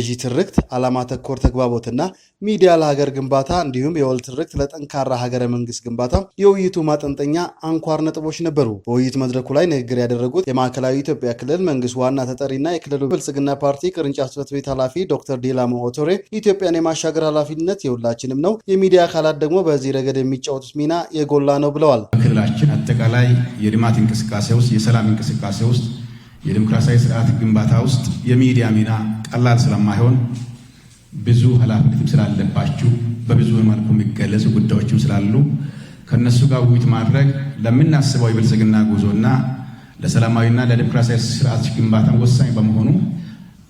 ልጅ ትርክት ዓላማ ተኮር ተግባቦትና ሚዲያ ለሀገር ግንባታ እንዲሁም የወል ትርክት ለጠንካራ ሀገረ መንግስት ግንባታ የውይይቱ ማጠንጠኛ አንኳር ነጥቦች ነበሩ። በውይይት መድረኩ ላይ ንግግር ያደረጉት የማዕከላዊ ኢትዮጵያ ክልል መንግስት ዋና ተጠሪና የክልሉ ብልጽግና ፓርቲ ቅርንጫፍ ጽሕፈት ቤት ኃላፊ ዶክተር ዲላሞ ኦቶሬ ኢትዮጵያን የማሻገር ኃላፊነት የሁላችንም ነው፣ የሚዲያ አካላት ደግሞ በዚህ ረገድ የሚጫወቱት ሚና የጎላ ነው ብለዋል። ክልላችን አጠቃላይ የልማት እንቅስቃሴ ውስጥ፣ የሰላም እንቅስቃሴ ውስጥ፣ የዲሞክራሲያዊ ስርዓት ግንባታ ውስጥ የሚዲያ ሚና ቀላል ስለማይሆን ብዙ ኃላፊነትም ስላለባችሁ በብዙ መልኩ የሚገለጹ ጉዳዮችም ስላሉ ከእነሱ ጋር ውይይት ማድረግ ለምናስበው የብልጽግና ጉዞና ለሰላማዊና ለዲሞክራሲያዊ ስርዓት ግንባታም ወሳኝ በመሆኑ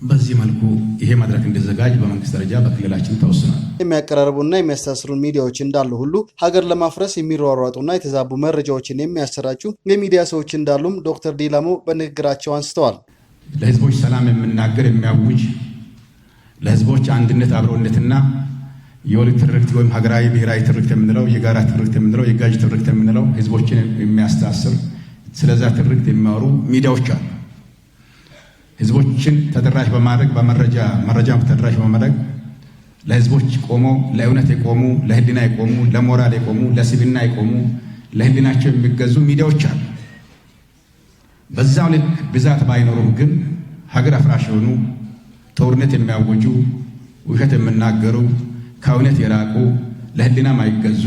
በዚህ መልኩ ይሄ መድረክ እንዲዘጋጅ በመንግስት ደረጃ በክልላችን ተወስኗል። የሚያቀራርቡና የሚያስተሳስሩን ሚዲያዎች እንዳሉ ሁሉ ሀገር ለማፍረስ የሚሯሯጡና የተዛቡ መረጃዎችን የሚያሰራጩ የሚዲያ ሰዎች እንዳሉም ዶክተር ዲላሞ በንግግራቸው አንስተዋል። ለህዝቦች ሰላም የምናገር የሚያውጅ ለህዝቦች አንድነት አብሮነትና የወልድ ትርክት ወይም ሀገራዊ ብሔራዊ ትርክት የምንለው የጋራ ትርክት የምንለው የጋጅ ትርክት የምንለው ህዝቦችን የሚያስተሳስር ስለዛ ትርክት የሚያወሩ ሚዲያዎች አሉ። ህዝቦችን ተደራሽ በማድረግ በመረጃ መረጃ ተደራሽ በማድረግ ለህዝቦች ቆሞ ለእውነት የቆሙ ለህሊና የቆሙ ለሞራል የቆሙ ለስብና የቆሙ ለህሊናቸው የሚገዙ ሚዲያዎች አሉ። በዛው ልክ ብዛት ባይኖሩም ግን ሀገር አፍራሽ የሆኑ ጦርነት የሚያወጁ ውሸት የሚናገሩ ከእውነት የራቁ ለህሊና ማይገዙ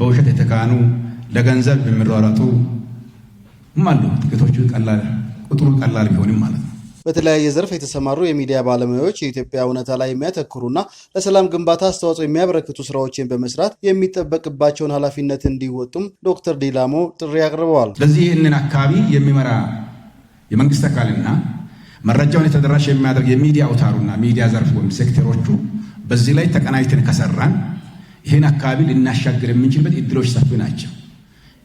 በውሸት የተካኑ ለገንዘብ የሚሯሯጡ አሉ። ጥቂቶቹ ቀላል ቁጥሩ ቀላል ቢሆንም ማለት ነው። በተለያየ ዘርፍ የተሰማሩ የሚዲያ ባለሙያዎች የኢትዮጵያ እውነታ ላይ የሚያተኩሩና ለሰላም ግንባታ አስተዋጽኦ የሚያበረክቱ ስራዎችን በመስራት የሚጠበቅባቸውን ኃላፊነት እንዲወጡም ዶክተር ዲላሞ ጥሪ አቅርበዋል። ስለዚህ ይህንን አካባቢ የሚመራ የመንግስት አካልና መረጃውን የተደራሽ የሚያደርግ የሚዲያ አውታሩና ሚዲያ ዘርፍ ወይም ሴክተሮቹ በዚህ ላይ ተቀናጅተን ከሰራን ይህን አካባቢ ልናሻገር የምንችልበት እድሎች ሰፊ ናቸው።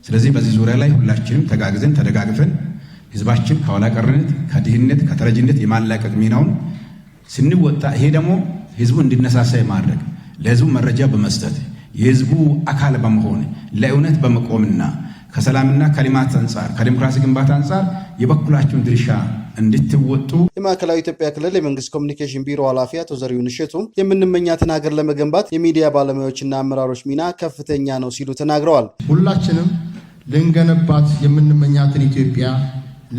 ስለዚህ በዚህ ዙሪያ ላይ ሁላችንም ተጋግዘን ተደጋግፈን ህዝባችን ከኋላ ቀርነት፣ ከድህነት፣ ከተረጅነት የማላቀቅ ሚናውን ስንወጣ ይሄ ደግሞ ህዝቡ እንዲነሳሳ የማድረግ ለህዝቡ መረጃ በመስጠት የህዝቡ አካል በመሆን ለእውነት በመቆምና ከሰላምና ከልማት አንጻር ከዲሞክራሲ ግንባታ አንጻር የበኩላቸውን ድርሻ እንድትወጡ የማዕከላዊ ኢትዮጵያ ክልል የመንግስት ኮሚኒኬሽን ቢሮ ኃላፊ አቶ ዘሪሁን እሸቱ የምንመኛትን ሀገር ለመገንባት የሚዲያ ባለሙያዎችና አመራሮች ሚና ከፍተኛ ነው ሲሉ ተናግረዋል። ሁላችንም ልንገነባት የምንመኛትን ኢትዮጵያ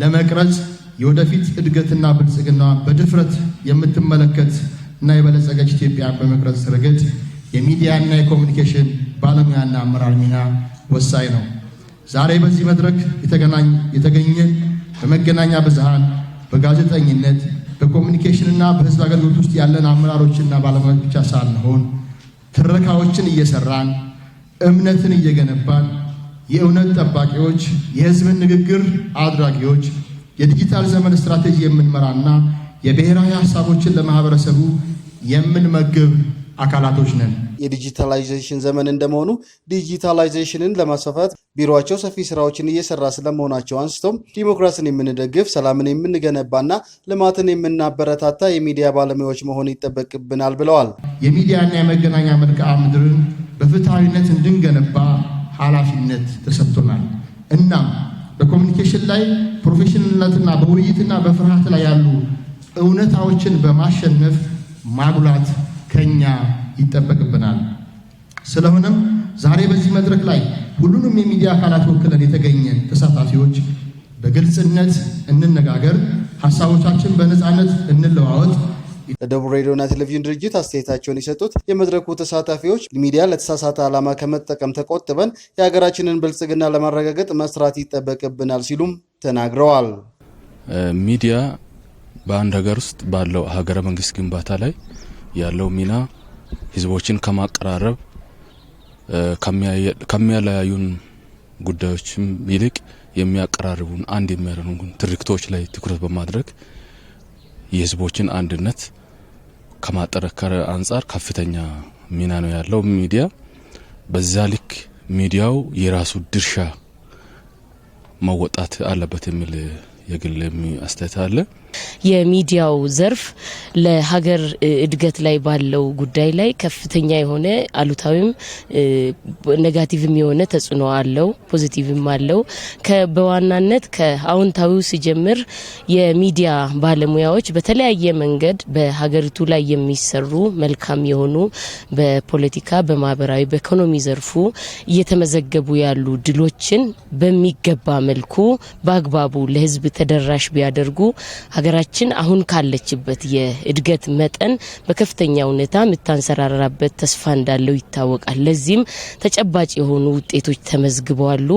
ለመቅረጽ የወደፊት እድገትና ብልጽግና በድፍረት የምትመለከት እና የበለጸገች ኢትዮጵያን በመቅረጽ ረገድ የሚዲያና የኮሚኒኬሽን ባለሙያና አመራር ሚና ወሳኝ ነው። ዛሬ በዚህ መድረክ የተገኘን በመገናኛ ብዝሃን፣ በጋዜጠኝነት፣ በኮሚኒኬሽንና በህዝብ አገልግሎት ውስጥ ያለን አመራሮችና ባለሙያዎች ብቻ ሳንሆን ትረካዎችን እየሰራን እምነትን እየገነባን የእውነት ጠባቂዎች፣ የህዝብን ንግግር አድራጊዎች፣ የዲጂታል ዘመን ስትራቴጂ የምንመራና የብሔራዊ ሀሳቦችን ለማህበረሰቡ የምንመግብ አካላቶች ነን። የዲጂታላይዜሽን ዘመን እንደመሆኑ ዲጂታላይዜሽንን ለማስፋፋት ቢሮቸው ሰፊ ስራዎችን እየሰራ ስለመሆናቸው አንስቶም ዲሞክራሲን የምንደግፍ ሰላምን የምንገነባና ልማትን የምናበረታታ የሚዲያ ባለሙያዎች መሆን ይጠበቅብናል ብለዋል። የሚዲያና የመገናኛ መልክዓ ምድርን በፍትሐዊነት እንድንገነባ ኃላፊነት ተሰጥቶናል። እናም በኮሚኒኬሽን ላይ ፕሮፌሽናልነትና በውይይትና በፍርሃት ላይ ያሉ እውነታዎችን በማሸነፍ ማጉላት ከኛ ይጠበቅብናል። ስለሆነም ዛሬ በዚህ መድረክ ላይ ሁሉንም የሚዲያ አካላት ወክለን የተገኘን ተሳታፊዎች በግልጽነት እንነጋገር፣ ሀሳቦቻችን በነፃነት እንለዋወጥ ለደቡብ ሬዲዮና ቴሌቪዥን ድርጅት አስተያየታቸውን የሰጡት የመድረኩ ተሳታፊዎች ሚዲያ ለተሳሳተ ዓላማ ከመጠቀም ተቆጥበን የሀገራችንን ብልጽግና ለማረጋገጥ መስራት ይጠበቅብናል ሲሉም ተናግረዋል። ሚዲያ በአንድ ሀገር ውስጥ ባለው ሀገረ መንግስት ግንባታ ላይ ያለው ሚና ህዝቦችን ከማቀራረብ ከሚያለያዩን ጉዳዮችም ይልቅ የሚያቀራርቡን አንድ የሚያደርጉን ትርክቶች ላይ ትኩረት በማድረግ የህዝቦችን አንድነት ከማጠረከር አንጻር ከፍተኛ ሚና ነው ያለው ሚዲያ። በዛ ልክ ሚዲያው የራሱ ድርሻ መወጣት አለበት የሚል የግል አስተያየት አለ። የሚዲያው ዘርፍ ለሀገር እድገት ላይ ባለው ጉዳይ ላይ ከፍተኛ የሆነ አሉታዊም ነጋቲቭም የሆነ ተጽዕኖ አለው፣ ፖዚቲቭም አለው። በዋናነት ከአዎንታዊው ሲጀምር የሚዲያ ባለሙያዎች በተለያየ መንገድ በሀገሪቱ ላይ የሚሰሩ መልካም የሆኑ በፖለቲካ፣ በማህበራዊ፣ በኢኮኖሚ ዘርፉ እየተመዘገቡ ያሉ ድሎችን በሚገባ መልኩ በአግባቡ ለህዝብ ተደራሽ ቢያደርጉ ሀገራችን አሁን ካለችበት የእድገት መጠን በከፍተኛ ሁኔታ የምታንሰራራበት ተስፋ እንዳለው ይታወቃል። ለዚህም ተጨባጭ የሆኑ ውጤቶች ተመዝግበዋሉ።